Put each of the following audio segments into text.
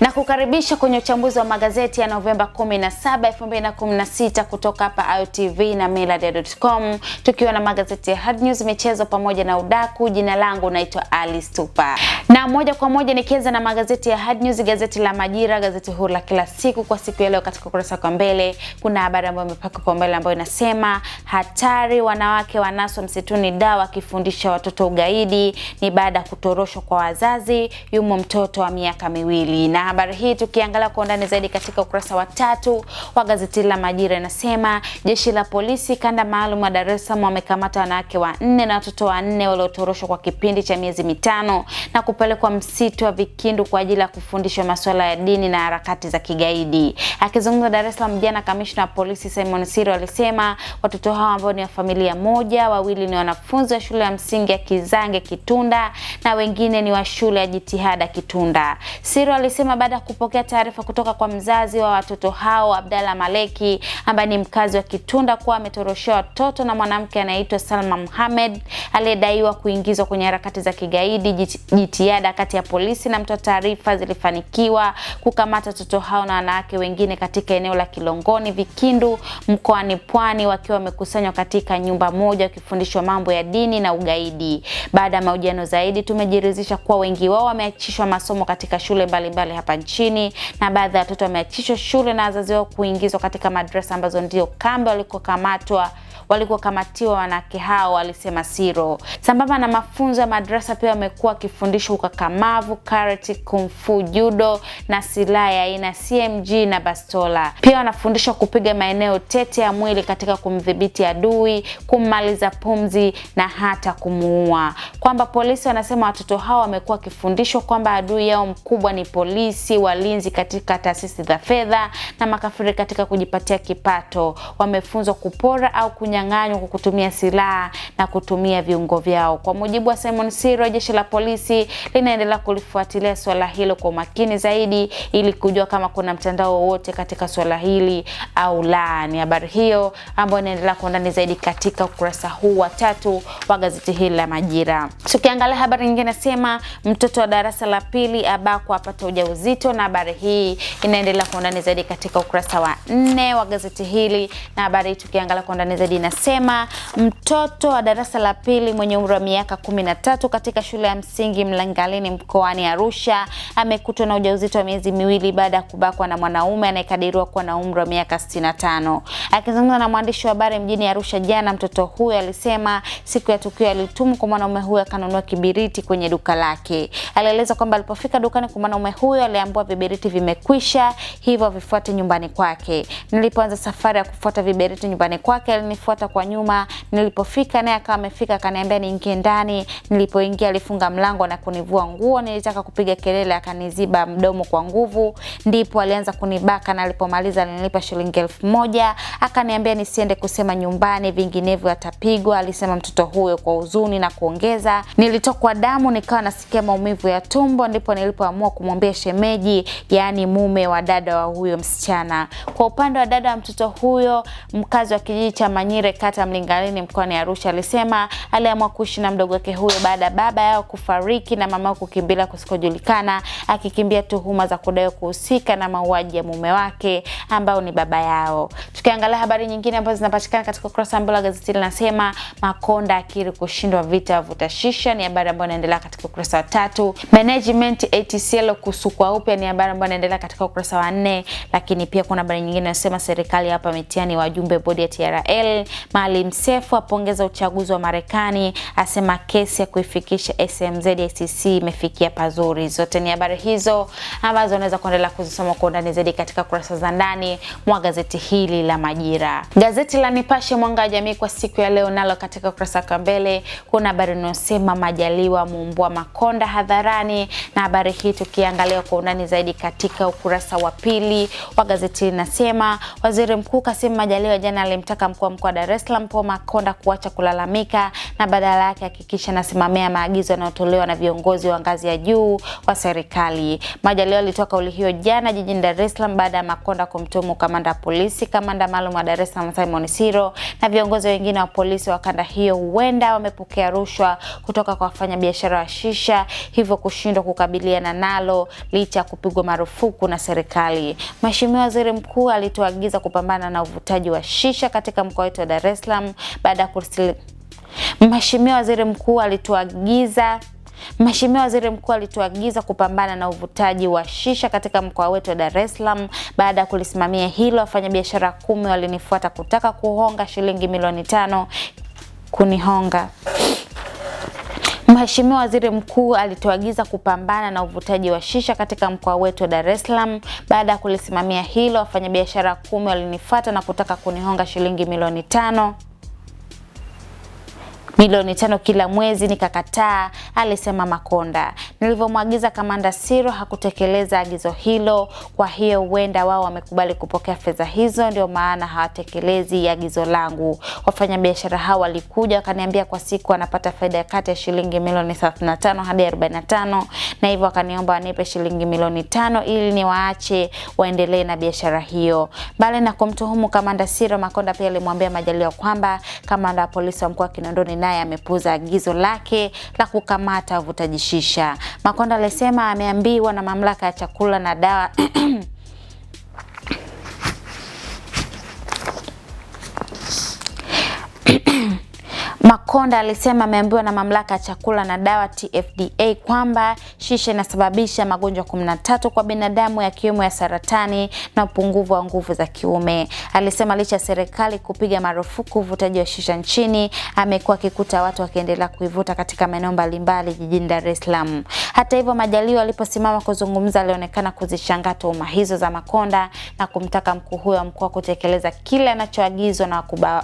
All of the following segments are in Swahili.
na kukaribisha kwenye uchambuzi wa magazeti ya Novemba 17, 2016 kutoka hapa AyoTV na millardayo.com, tukiwa na magazeti ya Hard News, michezo pamoja na udaku. Jina langu naitwa Ali Stupa na moja kwa moja nikianza na magazeti ya Hard News, gazeti la Majira, gazeti huru la kila siku. Kwa siku ya leo, katika ukurasa kwa mbele kuna habari ambayo imepaka kwa mbele ambayo inasema hatari, wanawake wanaswa msituni, dawa akifundisha watoto ugaidi. Ni baada ya kutoroshwa kwa wazazi, yumo mtoto wa miaka miwili na habari hii tukiangalia kwa undani zaidi katika ukurasa wa tatu wa gazeti la Majira inasema jeshi la polisi kanda maalum wa Dar es Salaam wamekamata wanawake wanne na watoto wanne waliotoroshwa kwa kipindi cha miezi mitano na kupelekwa msitu wa Vikindu kwa ajili ya kufundishwa masuala ya dini na harakati za kigaidi. Akizungumza Dar es Salaam jana, kamishna wa polisi Simon Siro alisema watoto hao ambao ni wa familia moja, wawili ni wanafunzi wa shule ya msingi ya Kizange Kitunda na wengine ni wa shule ya Jitihada Kitunda. Siro alisema baada ya kupokea taarifa kutoka kwa mzazi wa watoto hao Abdalla Maleki ambaye ni mkazi wa Kitunda kuwa ametoroshea watoto na mwanamke anayeitwa Salma Mohamed aliyedaiwa kuingizwa kwenye harakati za kigaidi. Jitihada kati ya polisi na mtoa taarifa zilifanikiwa kukamata watoto hao na wanawake wengine katika eneo la Kilongoni Vikindu mkoani Pwani wakiwa wamekusanywa katika nyumba moja wakifundishwa mambo ya dini na ugaidi. Baada ya mahojiano zaidi, tumejiridhisha kuwa wengi wao wameachishwa masomo katika shule mbalimbali hapa hapa nchini, na baadhi ya watoto wameachishwa shule na wazazi wao kuingizwa katika madrasa ambazo ndio kambi walikokamatwa walikokamatiwa wanawake hao, walisema Siro. Sambamba na mafunzo ya madrasa, pia wamekuwa wakifundishwa ukakamavu, karate, kumfu judo na silaha ya aina CMG na bastola. Pia wanafundishwa kupiga maeneo tete ya mwili katika kumdhibiti adui, kummaliza pumzi na hata kumuua, kwamba polisi wanasema watoto hao wamekuwa wakifundishwa kwamba adui yao mkubwa ni polisi, walinzi katika taasisi za fedha na makafiri katika kujipatia kipato. Wamefunzwa kupora au kunya kunyang'anywa kwa kutumia silaha na kutumia viungo vyao. Kwa mujibu wa Simon Siro, jeshi la polisi linaendelea kulifuatilia swala hilo kwa makini zaidi ili kujua kama kuna mtandao wowote katika swala hili au la. Ni habari hiyo ambayo inaendelea kwa undani zaidi katika ukurasa huu wa tatu wa gazeti hili la Majira. Tukiangalia habari nyingine, nasema mtoto wa darasa la pili abakwa apata ujauzito, na habari hii inaendelea kwa undani zaidi katika ukurasa wa nne wa gazeti hili, na habari hii tukiangalia kwa undani zaidi inasema mtoto wa darasa la pili mwenye umri wa miaka kumi na tatu katika shule ya msingi Mlangalini mkoani Arusha amekutwa na ujauzito wa miezi miwili baada ya kubakwa na mwanaume anayekadiriwa kuwa na umri wa miaka 65. Akizungumza na mwandishi wa habari mjini Arusha jana, mtoto huyo alisema siku ya tukio alitumwa kwa mwanaume huyo akanunua kibiriti kwenye duka lake. Alieleza kwamba alipofika dukani kwa mwanaume huyo aliambiwa vibiriti vimekwisha, hivyo vifuate nyumbani kwake. Nilipoanza safari ya kufuata vibiriti nyumbani kwake alinifuata nilimfuata kwa nyuma. Nilipofika naye akawa amefika, akaniambia niingie ndani. Nilipoingia alifunga mlango na kunivua nguo. Nilitaka kupiga kelele, akaniziba mdomo kwa nguvu, ndipo alianza kunibaka, na alipomaliza alinipa shilingi elfu moja akaniambia nisiende kusema nyumbani, vinginevyo atapigwa, alisema mtoto huyo kwa huzuni na kuongeza, nilitokwa damu nikawa nasikia maumivu ya tumbo, ndipo nilipoamua kumwambia shemeji, yaani mume wa dada wa huyo msichana. Kwa upande wa dada wa mtoto huyo, mkazi wa kijiji cha Manyira Mire kata Mlingalini mkoani Arusha alisema aliamua kuishi na mdogo wake huyo baada ya baba yao kufariki na mama yao kukimbia kusikojulikana, akikimbia tuhuma za kudai kuhusika na mauaji ya mume wake ambao ni baba yao. Tukiangalia habari nyingine ambazo zinapatikana katika ukurasa wa wa gazeti linasema Makonda akiri kushindwa vita vutashisha, ni habari ambayo inaendelea katika ukurasa wa tatu. Management ATCL kusukwa upya, ni habari ambayo inaendelea katika ukurasa wa nne. Lakini pia kuna habari nyingine inasema serikali hapa mitihani wajumbe bodi ya TRL Maalim Seif apongeza uchaguzi wa Marekani, asema kesi ya kuifikisha SMZ ICC imefikia pazuri. Zote ni habari hizo ambazo unaweza kuendelea kuzisoma kwa undani zaidi katika kurasa za ndani mwa gazeti hili la Majira. Gazeti la Nipashe Mwanga wa Jamii kwa siku ya leo nalo katika ukurasa wa mbele kuna habari inayosema Majaliwa muumbua Makonda hadharani, na habari hii tukiangalia kwa undani zaidi katika ukurasa wa pili wa gazeti linasema, waziri mkuu Kassim Majaliwa jana alimtaka mkuu wa mkoa Dar es Salaam Paul Makonda kuacha kulalamika na badala yake hakikisha nasimamia maagizo yanayotolewa na viongozi wa ngazi ya juu wa serikali. Majaliwa alitoa kauli hiyo jana jijini Dar es Salaam baada ya Makonda kumtumu kamanda polisi, kamanda maalum wa Dar es Salaam Simon Siro na viongozi wengine wa polisi wa kanda hiyo huenda wamepokea rushwa kutoka kwa wafanyabiashara wa shisha, hivyo kushindwa kukabiliana nalo licha ya kupigwa marufuku na serikali. Mheshimiwa Waziri Mkuu alituagiza kupambana na uvutaji wa shisha katika mkoa wetu wa Dar es Salaam baada ya kuwasili. Mheshimiwa Waziri Mkuu alituagiza Mheshimiwa Waziri Mkuu alituagiza kupambana na uvutaji wa shisha katika mkoa wetu wa Dar es Salaam. Baada ya kulisimamia hilo, wafanyabiashara kumi walinifuata kutaka kuhonga shilingi milioni tano kunihonga. Mheshimiwa Waziri Mkuu alituagiza kupambana na uvutaji wa shisha katika mkoa wetu wa Dar es Salaam. Baada ya kulisimamia hilo, wafanyabiashara kumi walinifuata na kutaka kunihonga shilingi milioni tano milioni tano kila mwezi, nikakataa, alisema Makonda. Nilivyomwagiza kamanda Siro hakutekeleza agizo hilo, kwa hiyo huenda wao wamekubali kupokea fedha hizo, ndio maana hawatekelezi agizo langu. Wafanyabiashara hao walikuja wakaniambia kwa siku wanapata faida kati ya shilingi milioni 35 hadi 45, na hivyo wakaniomba wanipe shilingi milioni tano ili niwaache waendelee na biashara hiyo. Mbali na kumtuhumu kamanda Siro, Makonda pia alimwambia Majaliwa kwamba kamanda wa polisi wa mkoa wa Kinondoni naye amepuza agizo lake la kukamata wavutaji shisha. Makonda alisema ameambiwa na mamlaka ya chakula na dawa Makonda alisema ameambiwa na mamlaka ya chakula na dawa TFDA kwamba shisha inasababisha magonjwa 13 kwa binadamu yakiwemo ya saratani na upungufu wa nguvu za kiume. Alisema licha ya serikali kupiga marufuku uvutaji wa shisha nchini, amekuwa akikuta watu wakiendelea kuivuta katika maeneo mbalimbali jijini Dar es Salaam. Hata hivyo, Majaliwa aliposimama kuzungumza, alionekana kuzishangaa tuhuma hizo za Makonda na kumtaka mkuu huyo wa mkoa kutekeleza kile anachoagizwa na, na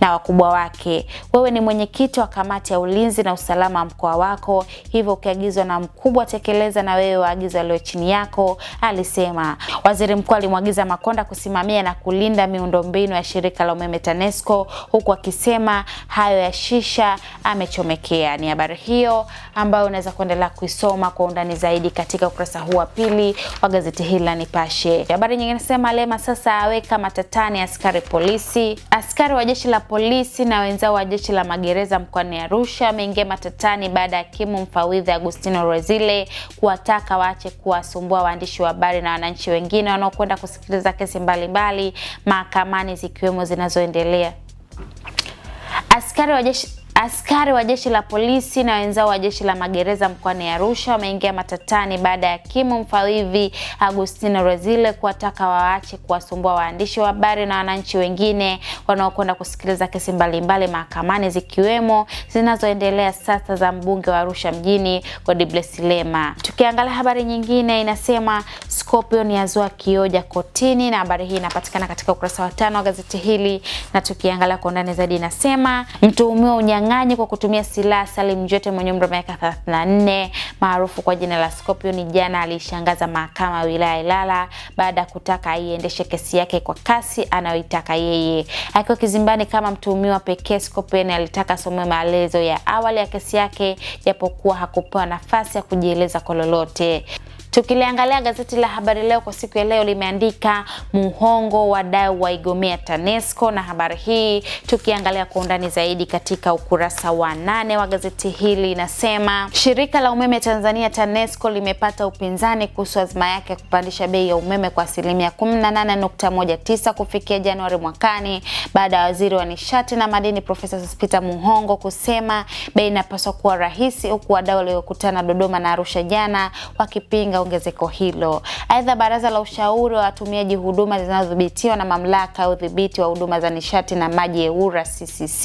na wakubwa wake. Wewe ni mwenyekiti wa kamati ya ulinzi na usalama wa mkoa wako, hivyo ukiagizwa na mkubwa tekeleza na wewe waagizo yaliyo chini yako, alisema. Waziri Mkuu alimwagiza Makonda kusimamia na kulinda miundombinu ya shirika la umeme TANESCO, huku akisema hayo ya shisha amechomekea. Ni habari hiyo ambayo unaweza kuendelea kuisoma kwa undani zaidi katika ukurasa huu wa pili wa gazeti hili la Nipashe. Habari nyingine nasema, Lema sasa aweka matatani askari polisi. Askari wa jeshi la polisi na wenzao wa jeshi la magereza mkoani Arusha wameingia matatani baada ya hakimu mfawidhi Agustino Rozile kuwataka waache kuwasumbua waandishi wa habari na wananchi wengine wanaokwenda kusikiliza kesi mbalimbali mahakamani zikiwemo zinazoendelea. Askari wa jeshi Askari wa jeshi la polisi na wenzao wa jeshi la magereza mkoani Arusha wameingia matatani baada ya hakimu mfawidhi Agustino Rezile kuwataka waache kuwasumbua waandishi wa habari na wananchi wengine wanaokwenda kusikiliza kesi mbalimbali mahakamani zikiwemo zinazoendelea sasa za mbunge wa Arusha mjini Godbless Lema. Tukiangalia habari nyingine inasema Scorpion yazua kioja kotini, na habari hii inapatikana katika ukurasa wa tano wa gazeti hili, na tukiangalia kwa undani zaidi inasema mtuhumiwa unyang unyang'anyi kwa kutumia silaha. Salim Jete mwenye umri wa miaka 34 maarufu kwa jina la Scorpion, jana aliishangaza mahakama ya wilaya Ilala baada ya kutaka aiendeshe kesi yake kwa kasi anayoitaka yeye. Akiwa kizimbani kama mtuhumiwa pekee, Scorpion alitaka asome maelezo ya awali ya kesi yake, japokuwa hakupewa nafasi ya kujieleza kwa lolote. Tukiliangalia gazeti la Habari Leo kwa siku ya leo limeandika Muhongo wadau waigomea TANESCO, na habari hii tukiangalia kwa undani zaidi katika ukurasa wa nane wa gazeti hili inasema shirika la umeme Tanzania TANESCO limepata upinzani kuhusu azma yake ya kupandisha bei ya umeme kwa asilimia 18.19 kufikia Januari mwakani baada ya waziri wa nishati na madini Profesa Sospeter Muhongo kusema bei inapaswa kuwa rahisi, huku wadau waliokutana Dodoma na Arusha jana wakipinga ongezeko hilo. Aidha, baraza la ushauri wa watumiaji huduma zinazodhibitiwa na mamlaka ya udhibiti wa huduma za nishati na maji EWURA CCC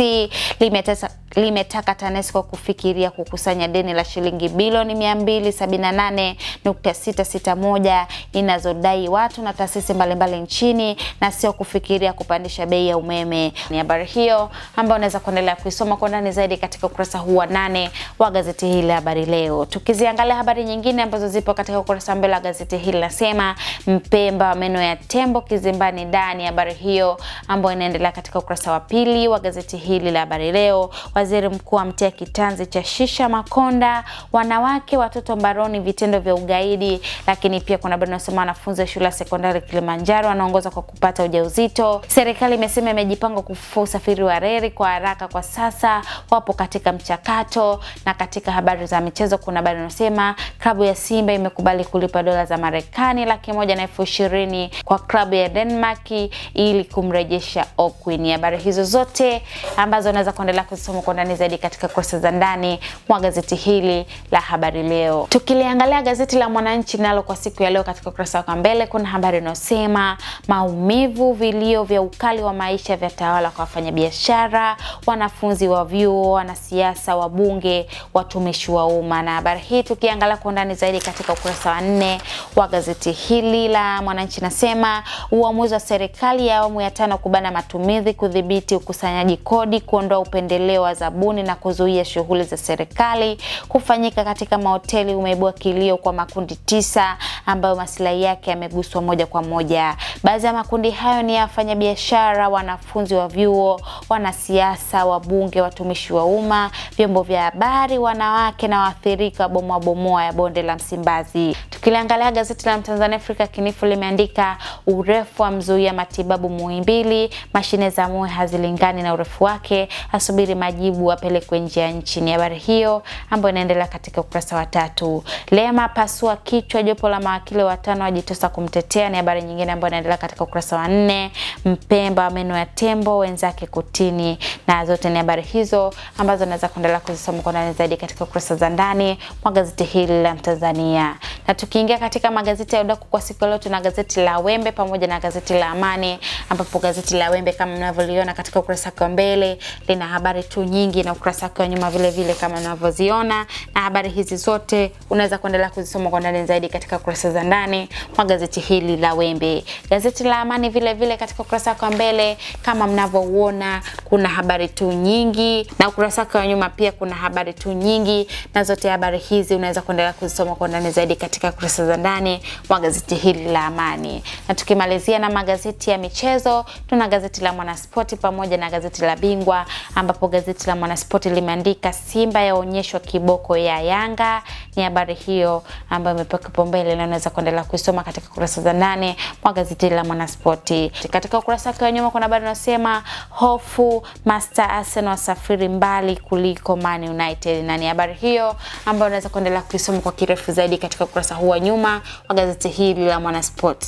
limetesa limetaka TANESCO kufikiria kukusanya deni la shilingi bilioni 278.661 inazodai watu na taasisi mbalimbali nchini na sio kufikiria kupandisha bei ya umeme. Ni habari hiyo ambayo unaweza kuendelea kuisoma kwa ndani zaidi katika ukurasa huu wa nane wa gazeti hili la Habari Leo. Tukiziangalia habari nyingine ambazo zipo katika ukurasa wa mbele wa gazeti hili nasema Mpemba meno ya tembo kizimbani ndani. Habari hiyo ambayo inaendelea katika ukurasa wa pili wa gazeti hili la Habari Leo. Waziri mkuu amtia kitanzi cha shisha Makonda, wanawake watoto mbaroni, vitendo vya ugaidi. Lakini pia kuna habari inasema wanafunzi wa shule ya sekondari Kilimanjaro wanaongoza kwa kupata ujauzito. Serikali imesema imejipanga kufufua usafiri wa reli kwa haraka, kwa sasa wapo katika mchakato. Na katika habari za michezo kuna habari inasema klabu ya Simba imekubali kukubali kulipa dola za Marekani laki moja na elfu ishirini kwa klabu ya Denmark ili kumrejesha Okwin. Habari hizo zote ambazo unaweza kuendelea kusoma kwa ndani zaidi katika kurasa za ndani mwa gazeti hili la Habari Leo. Tukiliangalia gazeti la Mwananchi nalo kwa siku ya leo, katika ukurasa wa mbele kuna habari inayosema maumivu, vilio vya ukali wa maisha vya tawala kwa wafanyabiashara, wanafunzi wa vyuo, wanasiasa, wabunge, watumishi wa umma. Na habari hii tukiangalia kwa ndani zaidi katika ukurasa ukurasa wa nne wa gazeti hili la Mwananchi nasema uamuzi wa serikali ya awamu ya tano kubana matumizi, kudhibiti ukusanyaji kodi, kuondoa upendeleo wa zabuni na kuzuia shughuli za serikali kufanyika katika mahoteli umeibua kilio kwa makundi tisa ambayo masilahi yake yameguswa moja kwa moja Baadhi ya makundi hayo ni wafanyabiashara, wanafunzi wa vyuo, wanasiasa, wabunge, watumishi wa umma, vyombo vya habari, wanawake na waathirika bomoa bomoa ya bonde la Msimbazi. Tukiliangalia gazeti la Mtanzania Afrika kinifu limeandika urefu wa mzuia matibabu Muhimbili, mashine za moyo hazilingani na urefu wake, asubiri majibu apelekwe nje ya nchi. Ni habari hiyo ambayo inaendelea katika ukurasa wa tatu. Lema pasua kichwa, jopo la mawakili watano wajitosa kumtetea, ni habari nyingine ambayo inaendelea Mvula katika ukurasa wa nne, Mpemba meno ya tembo wenzake kutini, na zote ni habari hizo ambazo naweza kuendelea kuzisoma kwa ndani zaidi katika ukurasa za ndani kwa gazeti hili la Mtanzania. Na tukiingia katika magazeti ya udaku kwa siku leo, tuna gazeti la Wembe pamoja na gazeti la Amani, ambapo gazeti la Wembe kama mnavyoliona katika ukurasa wake wa mbele lina habari tu nyingi, na ukurasa wake wa nyuma vile vile kama mnavyoziona, na habari hizi zote unaweza kuendelea kuzisoma kwa ndani zaidi katika ukurasa za ndani kwa gazeti hili la Wembe. Gazeti la Amani vile vile katika ukurasa wake wa mbele kama mnavyoona, kuna habari tu nyingi, na ukurasa wake wa nyuma pia kuna habari tu nyingi, na zote habari hizi unaweza kuendelea kuzisoma kwa ndani zaidi katika kurasa za ndani wa gazeti hili la Amani. Na tukimalizia na magazeti ya michezo, tuna gazeti la Mwanaspoti pamoja na gazeti la Bingwa, ambapo gazeti la Mwanaspoti limeandika Simba yaonyeshwa kiboko ya Yanga. Ni habari hiyo ambayo imepewa kipaumbele na unaweza kuendelea kuisoma katika kurasa za ndani wa gazeti gazeti la Mwanaspoti. Katika ukurasa wake wa nyuma kuna habari inasema hofu Master Arsenal wasafiri mbali kuliko Man United, na ni habari hiyo ambayo unaweza kuendelea kuisoma kwa kirefu zaidi katika ukurasa huu wa nyuma wa gazeti hili la Mwanaspoti.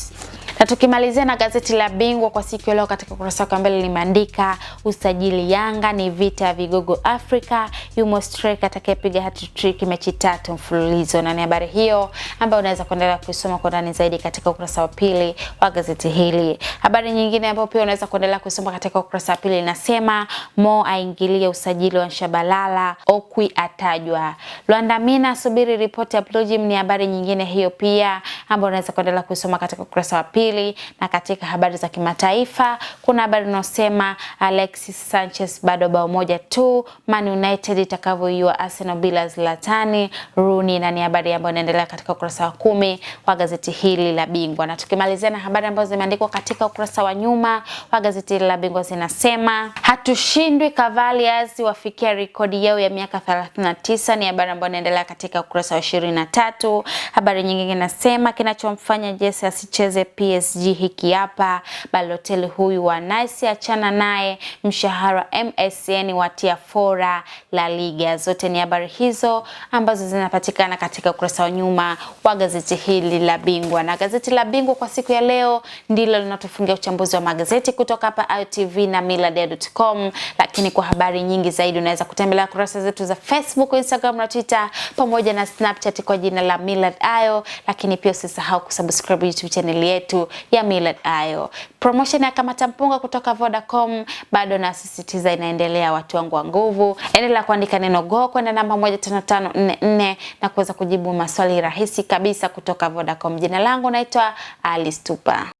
Na tukimalizia na gazeti la Bingwa kwa siku ya leo, katika ukurasa wake wa mbele limeandika usajili Yanga ni vita ya vigogo Afrika, yumo striker atakayepiga hat-trick mechi tatu mfululizo, na ni habari hiyo ambayo unaweza kuendelea kusoma kwa ndani zaidi katika ukurasa wa pili wa gazeti hili. Habari nyingine ambayo pia unaweza kuendelea kusoma katika ukurasa wa pili inasema Mo aingilie usajili wa Shabalala, Okwi atajwa. Luanda Mina subiri ripoti ya Plojim, ni habari nyingine hiyo pia ambayo unaweza kuendelea kusoma katika ukurasa wa pili Brazili na katika habari za kimataifa kuna habari unaosema Alexis Sanchez bado bao moja tu, Man United itakavyoiua Arsenal bila Zlatani Rooney, na ni habari ambayo inaendelea katika ukurasa wa kumi wa gazeti hili la Bingwa. Na tukimalizia na habari ambazo zimeandikwa katika ukurasa wa nyuma wa gazeti hili la Bingwa zinasema hatushindwi, Cavaliers wafikia rekodi yao ya miaka 39, ni habari ambayo inaendelea katika ukurasa wa 23. Habari nyingine inasema kinachomfanya Jesse asicheze PSG PSG hiki hapa. Balotelli huyu wa Nice achana naye, mshahara MSN watia fora La Liga. Zote ni habari hizo ambazo zinapatikana katika ukurasa wa nyuma wa gazeti hili la Bingwa, na gazeti la Bingwa kwa siku ya leo ndilo linatufungia uchambuzi wa magazeti kutoka hapa Ayo na millardayo.com, lakini kwa habari nyingi zaidi unaweza kutembelea kurasa zetu za Facebook, Instagram na Twitter pamoja na Snapchat kwa jina la Millard Ayo, lakini pia usisahau kusubscribe YouTube channel yetu ya Millard Ayo. Promotion ya Kamata Mpunga kutoka Vodacom bado nasisitiza inaendelea, watu wangu wa nguvu. Endelea kuandika neno go kwenda namba 15544 na kuweza kujibu maswali rahisi kabisa kutoka Vodacom. Jina langu naitwa Alice Tupa.